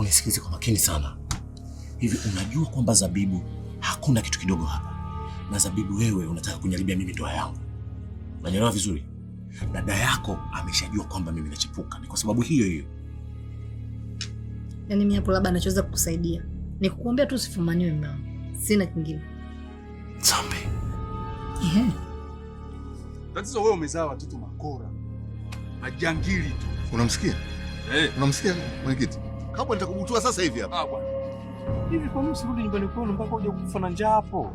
unisikilize kwa makini sana. Hivi unajua kwamba zabibu hakuna kitu kidogo hapa, na zabibu wewe unataka kunyaribia mimi ndoa yangu? Unanielewa vizuri? Dada yako ameshajua kwamba mimi nachepuka, ni kwa sababu hiyo hiyo. Yaani mimi hapo labda nachoweza kukusaidia ni kukuambia tu usifumaniwe mama, sina kingine. Zambe. Yeah. Tatizo wewe umezaa watoto makora majangili tu. Unamsikia? Eh, hey. Unamsikia mwenyekiti? kabwa nitakubutua sasa hivi hapa. Ah bwana. Hivi kwa nini usirudi nyumbani kwenu mpaka uje kufa na njaa hapo?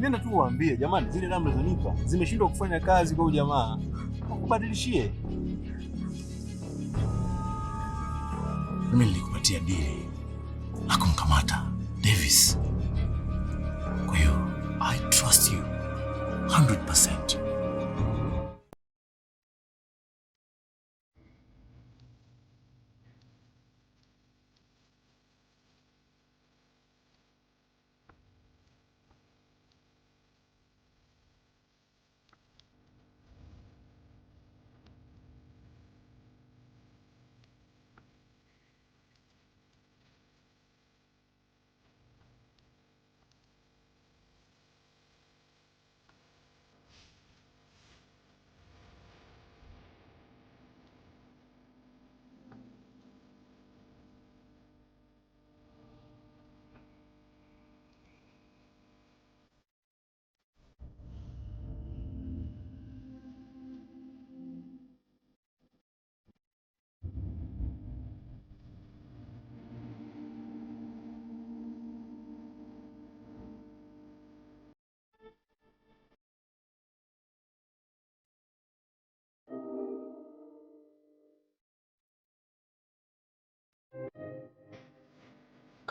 Nenda tu waambie jamani, zile damu nipa zimeshindwa kufanya kazi kwa ujamaa. Wakubadilishie. Mimi nilikupatia dili la kumkamata Davis. Kwa hiyo I trust you 100%.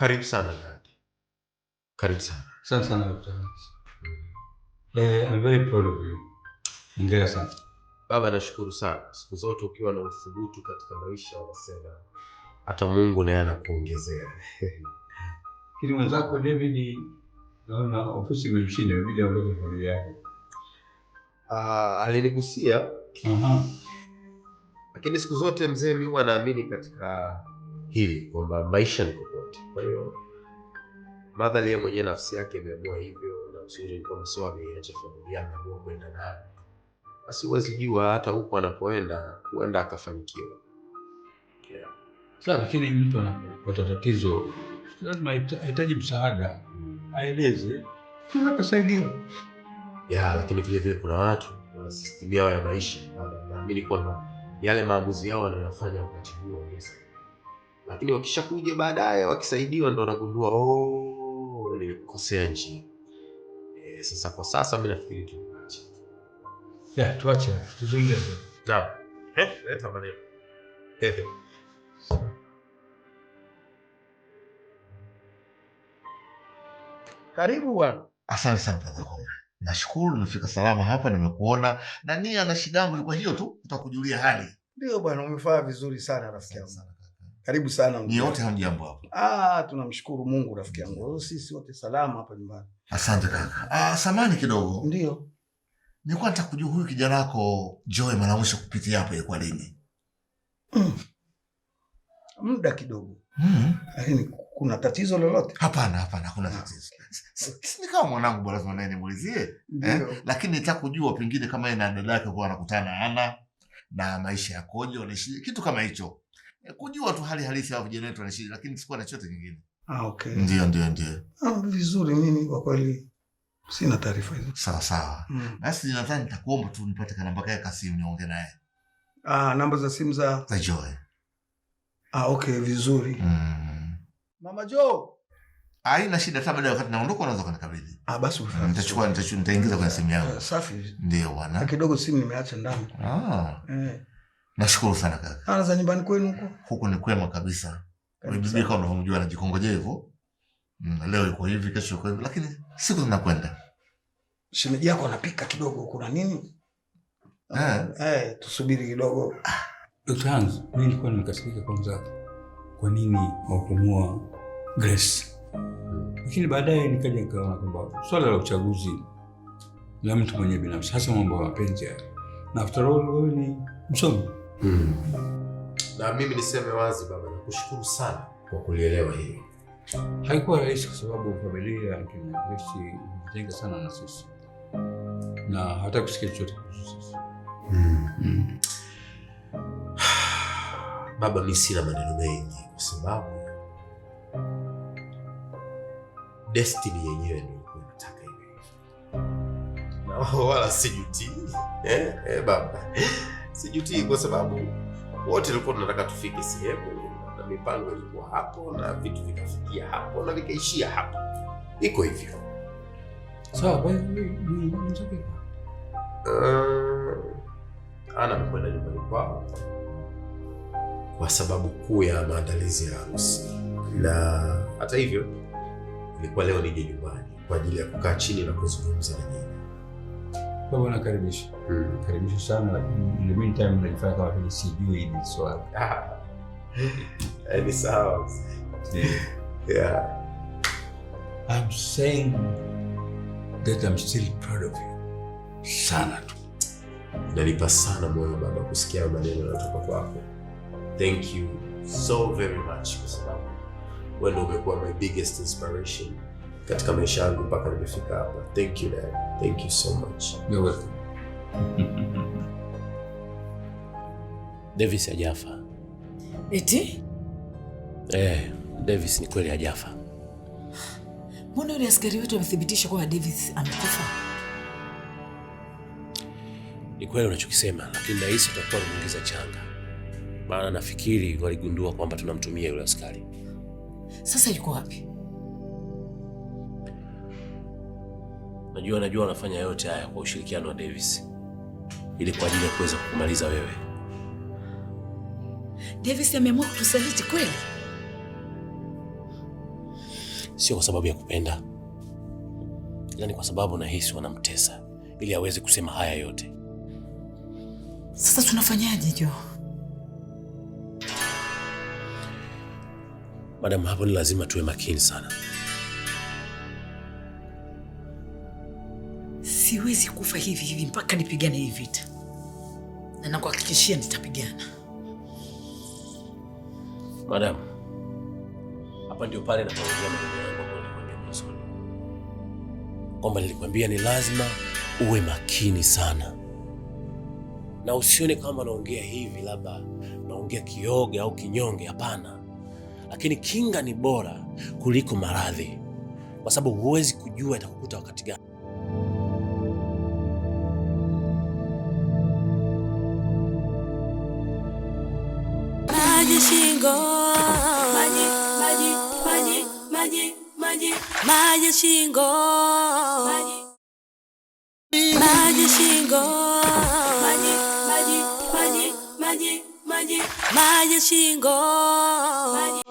Karibu sana dadi. Karibu sana. Asante sana daktari. Eh, I'm very proud of you. Hongera sana. Baba, nashukuru sana. Siku zote ukiwa na uthubutu katika maisha wanasema hata Mungu naye anakuongezea. Kile mwenzako David naona ofisi imemshinda inabidi aondoke kwa familia yake. Ah, alinigusia. Mhm. Lakini siku zote mzee mimi huwa naamini katika hili kwamba maisha ni popote. Kwa hiyo madhali yeye mwenyewe nafsi yake imeamua hivyo, na usije kama sio ameiacha familia ameamua kwenda nayo, basi huwezi jua hata huko anapoenda huenda akafanikiwa. Yeah. Sasa lakini mtu anapata tatizo lazima ahitaji msaada, aeleze kusaidia ya. lakini vile vile kuna watu wana ya maisha, naamini kwamba yale maamuzi yao wanayofanya wakati huo lakini wakishakuja baadaye wakisaidiwa ndo wanagundua oh, nilikosea njia e, sasa kwa sasa mi nafikiri tuache yeah, tuache tuzungumze eh eh, eh, eh, karibu bwana asante sana nashukuru nimefika salama hapa nimekuona na nia na shida yangu ilikuwa hiyo tu nitakujulia hali ndio bwana umefaa vizuri sana rafiki yangu karibu sana mzee. Ni wote hamjambo hapo? Ah, tunamshukuru Mungu rafiki yangu. Oh, sisi wote salama hapa nyumbani. Asante kaka. Ah, samani kidogo. Ndio. Nilikuwa nataka kujua huyu kijana wako joe mara mwisho kupitia hapo ilikuwa lini? Mm. Muda kidogo. Mm. Lakini kuna tatizo lolote? Hapana, hapana, hakuna ah. tatizo. Sisi kama mwanangu bora naye nimuulizie. Eh? Lakini nitaka kujua pengine kama yeye na dada yake kwa anakutana ana na maisha yakoje, wanaishi kitu kama hicho. Eh, kujua tu hali halisi au vijana wetu wanaishi, lakini sikuwa na chote kingine. Ah, okay. Ndio, ndio, ndio. Ah, vizuri. Mimi kwa kweli sina taarifa hizo. Sawa sawa. Mm. Basi nadhani nitakuomba tu nipate namba yake ya simu niongee naye. Ah, namba za simu za za Joy. Ah, okay, vizuri. Mm. Mama Joy. Haina shida hata baada ya wakati naondoka unaweza kunikabidhi. Ah, basi ufanye. Hmm, nitachukua, nitaingiza kwenye simu yangu. Eh, safi. Ndio bwana. Ah, kidogo simu nimeacha ndani. Ah. Eh. Nashukuru sana kaka. Ana ah, za nyumbani kwenu huko? Huko ni kwema kabisa. bibi kama unavyomjua anajikongojea hivyo. Mm, leo yuko hivi, kesho yuko hivi, lakini siku zinakwenda. Shemeji yako anapika kidogo, kuna nini? Eh, eh, tusubiri kidogo. Dr. Hans, mimi nilikuwa nimekasirika kwanza. Kwa nini haukumuoa Grace? Lakini baadaye nikaja nikaona kwamba swala la uchaguzi la mtu mwenye binafsi, hasa mambo ya mapenzi. Na after all wewe ni msomi. Hmm. Na mimi niseme wazi baba, nakushukuru sana kwa kulielewa hili. Haikuwa rahisi kwa sababu familia ya Grace imetenga sana na sisi na hata kusikia chochote kuhusu sisi. Hmm. Baba, mimi sina maneno mengi kwa sababu destiny yenyewe ndio nataka hivi, na wala sijuti eh, eh, baba sijutii, kwa sababu wote tulikuwa tunataka tufike sehemu na mipango ilikuwa hapo na vitu vikafikia hapo na vikaishia hapo, iko hivyo sawa. Eh, Ana amekwenda nyumbani kwao kwa sababu kuu ya maandalizi ya harusi, na hata hivyo ilikuwa leo nije nyumbani kwa ajili ya kukaa chini na kuzungumza na nyinyi. Kwa hivyo nakaribisha, hmm. nakaribisha sana, lakini in the meantime najifanya kama vile sijui hili swala. Ah. Eh, ni sawa. Yeah. I'm saying that I'm still proud of you. Sana tu. Nalipa sana moyo baba kusikia maneno yanayotoka kwako. Thank you so very much kwa sababu wewe ndio umekuwa my biggest inspiration katika maisha yangu mpaka nimefika hapa. Thank you dad. Thank you so much. You're welcome. Davis hajafa. Eti? Eh, Davis ni kweli hajafa. Mbona yule askari wetu amethibitisha kwamba Davis amekufa? Ni kweli unachokisema, lakini nahisi tutakuwa tumeongeza changa, maana nafikiri waligundua kwamba tunamtumia yule askari. Sasa yuko wapi? Najua najua wanafanya yote haya kwa ushirikiano wa Davis ili kwa ajili ya kuweza kukumaliza wewe. Davis ameamua kutusaliti kweli? Sio kwa sababu ya kupenda, ila ni kwa sababu nahisi wanamtesa ili aweze kusema haya yote. Sasa tunafanyaje Jo? Madam, hapo ni lazima tuwe makini sana. siwezi kufa hivi hivi mpaka nipigane hii vita, na nakuhakikishia nitapigana. Madam, hapa ndio pale napaongea kwamba nilikwambia ni lazima uwe makini sana na usione kama naongea hivi labda naongea kioga au kinyonge. Hapana, lakini kinga ni bora kuliko maradhi, kwa sababu huwezi kujua itakukuta wakati gani. Maji shingo. Maji shingo. Maji maji maji maji maji. Maji shingo.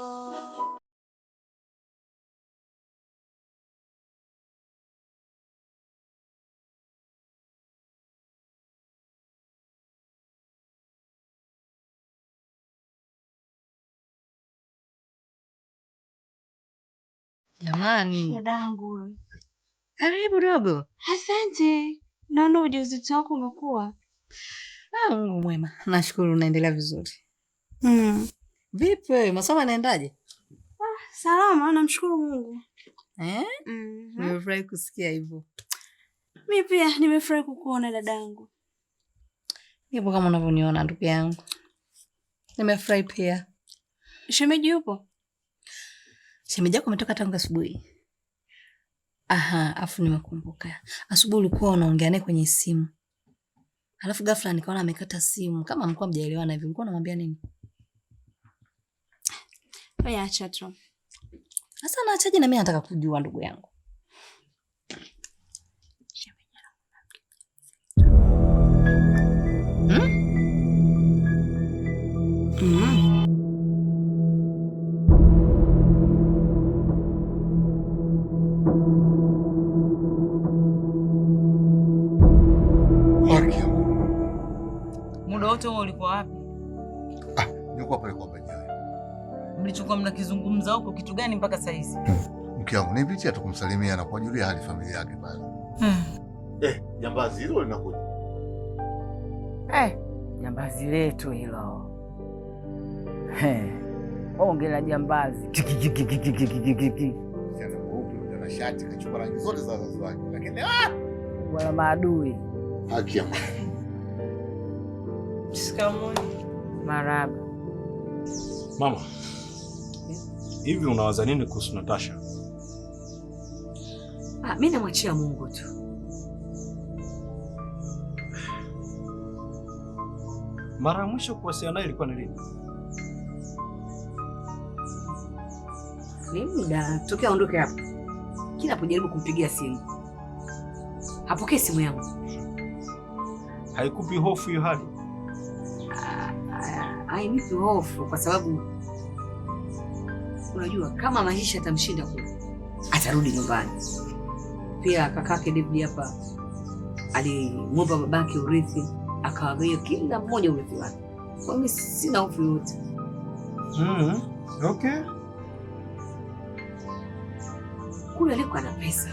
Jamani. Dadangu. Karibu dogo. Asante. Naona ujauzito wako umekuwa. Ah, Mungu mwema. Nashukuru unaendelea vizuri. Mm. Vipi wewe? Masomo yanaendaje? Ah, salama, namshukuru Mungu. Eh? Mm -hmm. Nimefurahi kusikia hivyo. Mimi pia nimefurahi kukuona dadangu. Nipo kama unavyoniona ndugu yangu. Nimefurahi pia. Shemeji yupo? Shemeji yako tangu asubuhi? Aha, afu nimekumbuka, asubuhi ulikuwa unaongea naye kwenye simu, alafu ghafla nikaona amekata simu. Kama mlikuwa mjaelewana hivi, ulikuwa unamwambia nini? Acha tu sasa, naachaje? Na mimi nataka kujua, ndugu yangu. wakati huo ulikuwa wapi? Ah, nilikuwa pale kwa bajaji. Mlichokuwa mnakizungumza huko kitu gani mpaka saa hizi? Hmm. Mke wangu nipitia tu kumsalimia na kuwajulia hali familia yake pale. Hmm. Eh, jambazi hilo linakuja. Eh, jambazi letu hilo. Eh. Onge la jambazi. Sasa mweupe ana shati kachukua rangi zote za wazazi wake. Lakini ah, wala maadui. Haki ya Mungu. Shikamoo. Marahaba. Mama, hivi unawaza nini kuhusu Natasha? Ah, mimi namwachia Mungu tu. Mara ya mwisho kuwasiliana naye ilikuwa ni lini? Ni muda tokea aondoke hapa, kila napojaribu kumpigia simu hapokee simu yangu. Haikupi hofu hiyo hali? hainipi hofu kwa sababu unajua kama maisha atamshinda kule, atarudi nyumbani. Pia kakake David hapa alimwomba babake urithi, akawagawia kila mmoja urithi wake. Kwa mimi sina hofu yote. Mm, okay. Kule aliko ana pesa,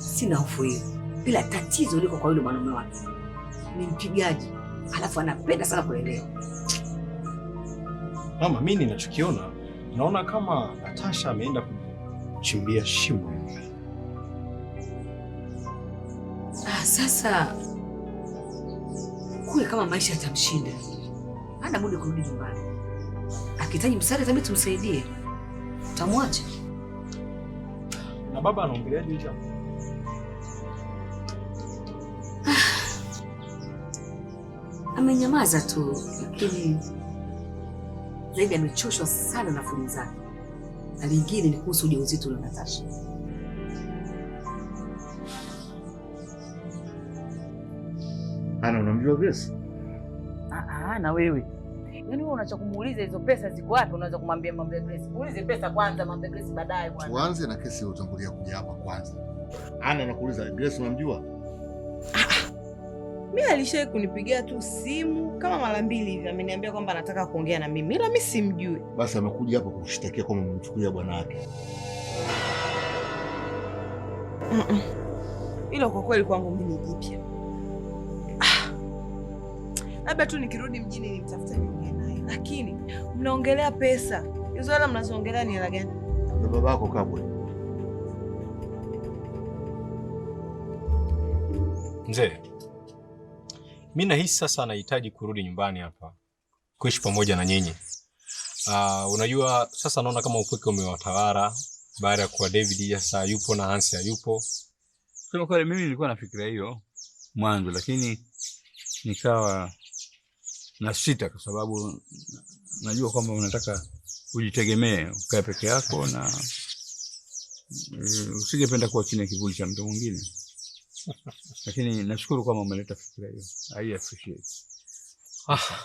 sina hofu hiyo, bila tatizo liko kwa yule mwanaume wake ni mpigaji, alafu anapenda sana kuelewa Mama, mimi ninachokiona naona kama Natasha ameenda kuchimbia shimo hivi. Ah, sasa kuwe kama maisha yatamshinda, hana budi kurudi nyumbani. Akihitaji msaada tabidi tumsaidie, tamwacha na baba anaongeleaje hicho? Ah, amenyamaza tu lakini zaidi amechoshwa sana na fundi zake, na lingine ni kuhusu ujauzito na Natasha. Ana, unamjua Grace? Ah, ah na wewe yaani wewe unacha kumuuliza hizo pesa ziko wapi? Unaweza kumwambia mambo ya Grace. Muulize pesa kwanza, mambo ya Grace baadaye Kwanza Tuanze na kesi iliyotangulia kuja hapa kwanza. Ana, nakuuliza Grace unamjua? mi alishai kunipigia tu simu kama mara mbili hivi, ameniambia kwamba anataka kuongea na mimi, ila mi simjui. Basi amekuja hapa kukushtakia kwamba umemchukulia bwana wake. Hilo kwa kweli kwangu mimi ni jipya. Ah. Labda tu nikirudi mjini nimtafuta niongee naye, lakini mnaongelea pesa hizo, hela mnazoongelea ni hela gani? Na babako kabwe mzee mi nahisi sasa anahitaji kurudi nyumbani hapa kuishi pamoja na nyinyi. Uh, unajua sasa naona kama upweke umewatawala baada ya kuwa David sasa yupo na Hansi hayupo. Sema kweli, mimi nilikuwa na fikira hiyo mwanzo, lakini nikawa na sita, kwa sababu najua kwamba unataka ujitegemee, ukae peke yako na eh, usingependa kuwa chini ya kivuli cha mtu mwingine lakini nashukuru kwamba umeleta fikira hiyo. I appreciate. Ah,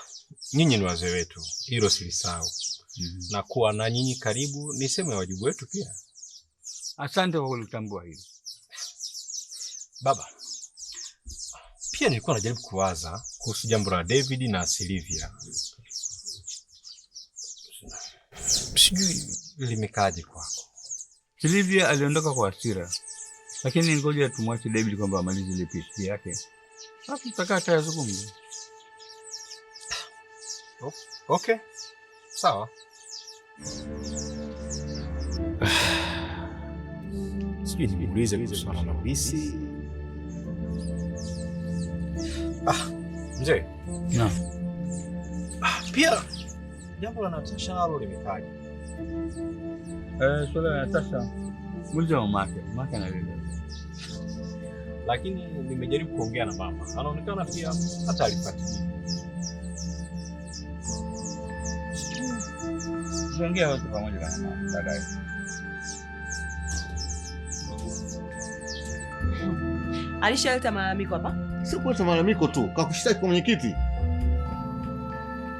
nyinyi ni wazee wetu, hilo silisahau. mm -hmm. na kuwa na nyinyi karibu ni sehemu ya wajibu wetu pia. Asante kwa kulitambua hili baba. Pia nilikuwa najaribu kuwaza kuhusu jambo la David na Silivia, sijui limekaaje kwako. Silivia aliondoka kwa hasira lakini ngoja tumwache David kwamba amalize ile PhD yake, alafu tutakaa tayazungumza. Okay, sawa. Sijui nikuulize kuhusiana na Luisi. Ah, mzee. Na. Ah, pia jambo la Natasha nalo limetaja. Eh, swala la Natasha, muulize mamake, mamake analelewa lakini nimejaribu kuongea na mama, anaonekana pia hata alipati. Tuongea wote pamoja na mama baadaye. Alishaleta malalamiko hapa? Si kuleta malalamiko tu, kakushitaki kwa mwenyekiti.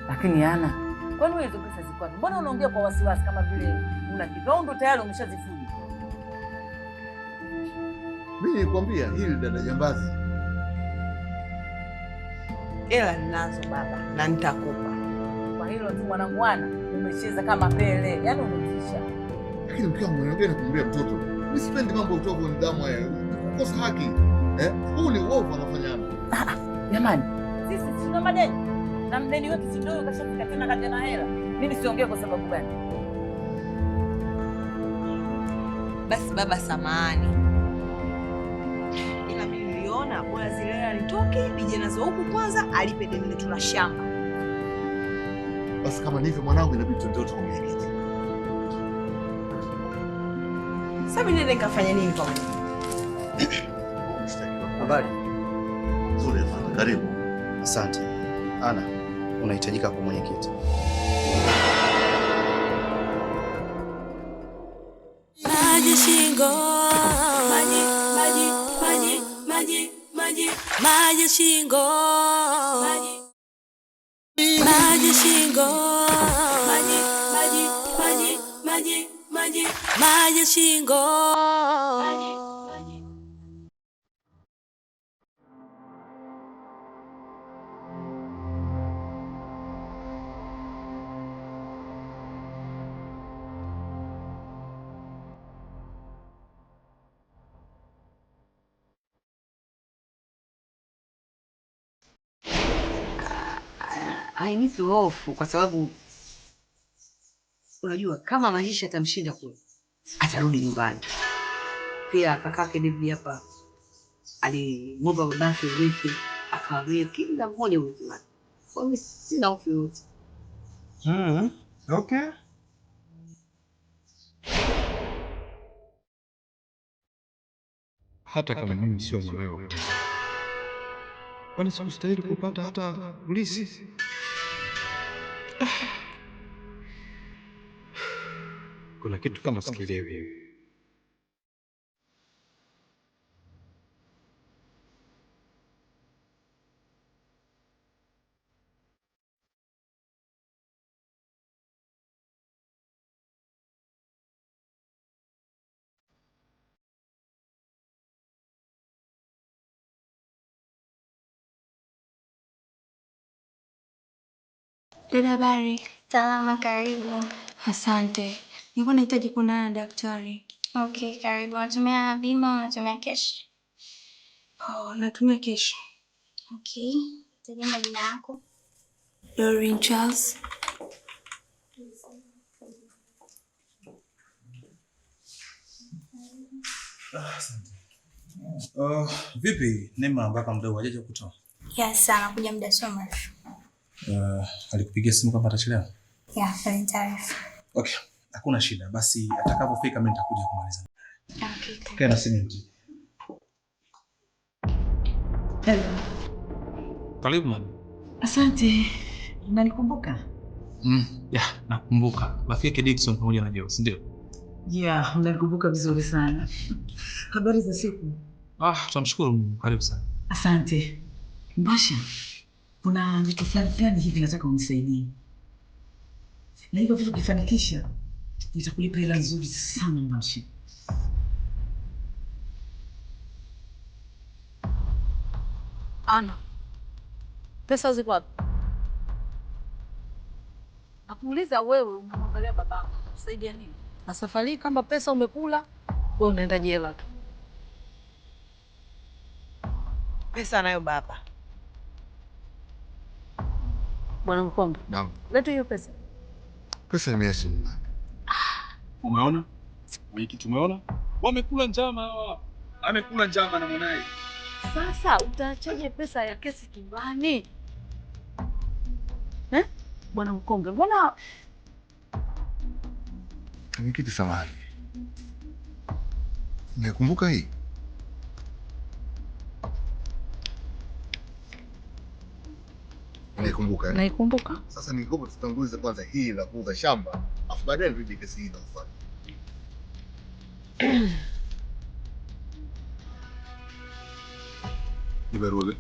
Lakini ana, kwani wewe hizo pesa ziko wapi? Mbona unaongea kwa wasiwasi kama vile una kidondo tayari umeshazifuja? Mimi nikwambia hili dada jambazi, ela ninazo baba na nitakupa kwa hilo tu. Mwanangu wana umecheza kama pele, yaani umetisha. Lakini mke wangu nakumbia mtoto, nisipendi mambo ya utovu nidhamu, ya kukosa haki eh, huu ni uovu anafanyana. Ah, ah, jamani, sisi tuna madeni na mdeni wetu ndio kashafika tena na hela. Mimi siongee kwa sababu gani? Basi baba, samahani bwana, bora zilela litoke nije nazo huku kwanza, alipe deni letu la shamba. Basi kama ni hivyo, mwanangu, inabidi tuende tukaongee kijiji. Sasa mimi nenda nikafanya nini kwa habari? Nzuri sana, karibu. Asante. Ana, unahitajika kwa mwenyekiti. Maji shingo maji shingo, maji shingo, maji shingo hainipi hofu kwa sababu unajua kama maisha atamshinda kule, atarudi nyumbani. Pia kakake David hapa alimwomba babake urithi, akawagawia kila mmoja urithi wake. Kwa hiyo sina hofu yoyote. Mm, okay. Hata kama mimi sio mume wako, kwani sikustahili kupata hata ulisi? Kuna kitu kama sikielewi. Dada habari? Salama, karibu. Asante. Nilikuwa nahitaji kuonana na daktari. Okay, karibu. Unatumia bima au unatumia cash? Oh, natumia cash. Okay. Taja majina yako. Lauren Charles. Uh, vipi Neema, mpaka mdogo hajaja kutoa? Yes, anakuja muda sio mrefu. Uh, alikupigia simu kama atachelewa? Yeah, taarifa. Okay, hakuna shida. Basi atakapofika mimi nitakuja kumaliza. Ah, okay. Okay, na simu nje. Hello. Karibu mami. Asante. Unanikumbuka? Mm, yeah, nakumbuka. Rafiki yake Dickson pamoja na Joe, si ndio? Yeah, unanikumbuka vizuri sana. Habari za siku? Ah, tunamshukuru. Karibu sana. Asante. Mbasha kuna vitu fulani fulani hivi nataka unisaidie, na hivyo vitu ukifanikisha nitakulipa hela nzuri sana Mbashi. Ana, pesa ziko wapi? Nakuuliza wewe, unamwangalia babako, saidia nini? Na safari kama pesa umekula wewe, unaenda jela tu. Pesa nayo baba Bwana Mkombe. Naam. Leta hiyo pesa. Pesa ni mia ishirini. Ah. Umeona? Mwenyekiti umeona? Wamekula njama hawa. Amekula njama na mwanae. Sasa utaachaje pesa ya kesi kimbani? Eh? Bwana Mkombe, mbona Mwenyekiti samahani. Nimekumbuka hii. Naikumbuka. Eh? Naikumbuka. Sasa ningekupa tutangulize kwanza hii la kuuza shamba, afu baadaye nirudi kesi hii inafuata. Ni barua gani?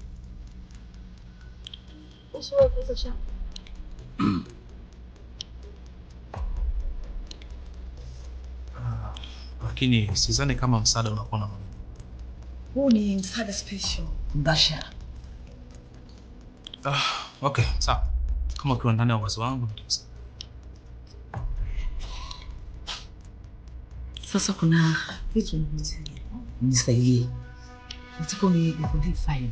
Usiwe kuuza shamba. Ah, lakini sizani kama msaada unakuwa na maana. Huu ni msaada special Mbasha. Ah, Okay, sawa. Kama ukiwa ndani ya uwezo wangu sasa kuna vitu nisaidie. Nataka unifungie file.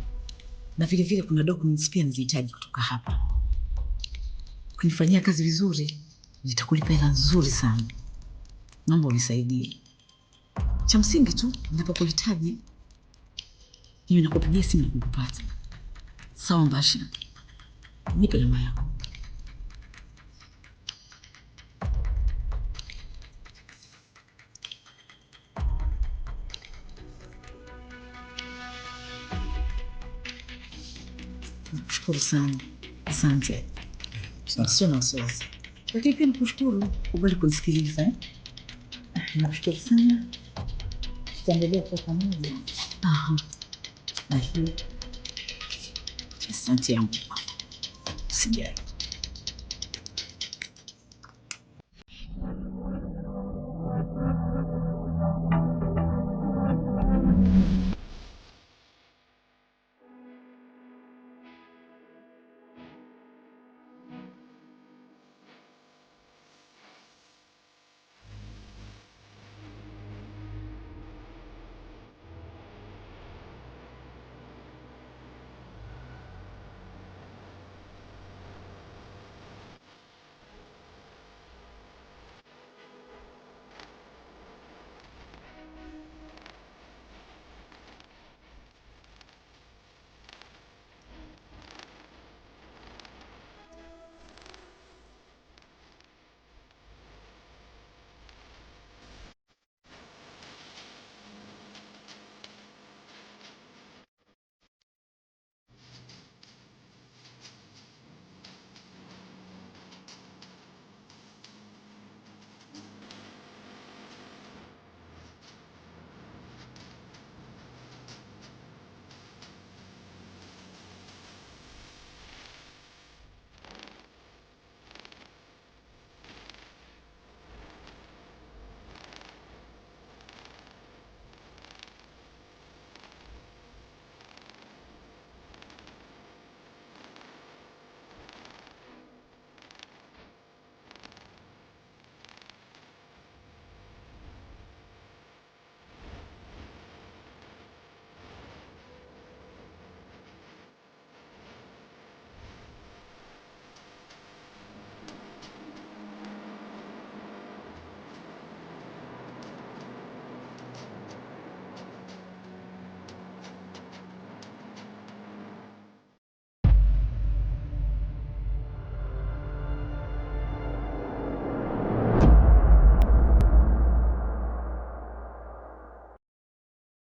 Na vile vile kuna documents pia nizihitaji kutoka hapa. Ukinifanyia kazi vizuri, nitakulipa hela nzuri sana. Naomba unisaidie. Cha msingi tu, ninapokuhitaji mimi nakupigia simu nakukupata. Sawa Mbasha. 믿을 거야. Nashukuru sana, asante. Sio na wasiwasi, lakini pia nikushukuru kubali kunisikiliza. sana, tutaendelea kwa pamoja. Asante yangu. again